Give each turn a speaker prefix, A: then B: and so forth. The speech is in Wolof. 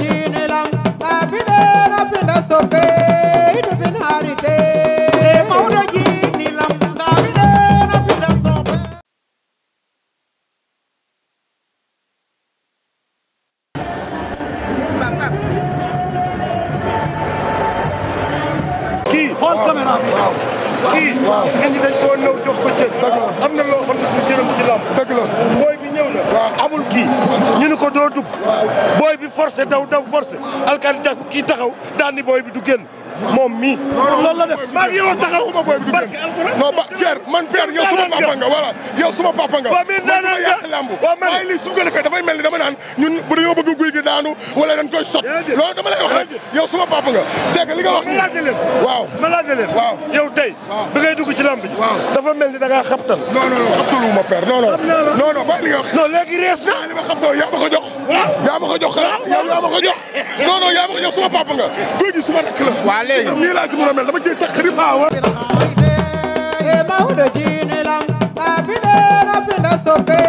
A: jini lam abide rafinda sofe idu bin harite mawdo jini lam abide rafinda sofe kii xool caméra bi kii indi dañ koo ñëw jox ko cër am na loo xam ne du cëram ci lam dëgg la booy bi ñëw na amul kii ñu ko doo dugg booy bi forcé daw daw forcé alkaati tax kii taxaw daan ni booy bi du génn moom mii. loolu la def maa ngi yow taxawuma booy bi du génn non ba Pierre man Pierre yow suma papa nga voilà yow suma papa nga man dama yàq lamb waaye lii su ko defee dafay mel ni dama naan ñun bu dañoo gi daanu wala dañ koy sot loolu dama lay wax rek yow suma papa nga c'est que li nga wax waaw ma laaj leen yow tey bi ngay ci lamb dafa mel ni da ngaa xabtal non non non xabtaluwuma Père non non non non ba li nga wax non léegi rees na li ma xabtal ko jox. yaa ma ko jox xanaa yaa ma ko jox.
B: non non yaa ma ko jox suma papa nga. góor gi suma rakk la.
A: waaw léegi nii laa ci mën a mel dama cee tax xarit. waaw.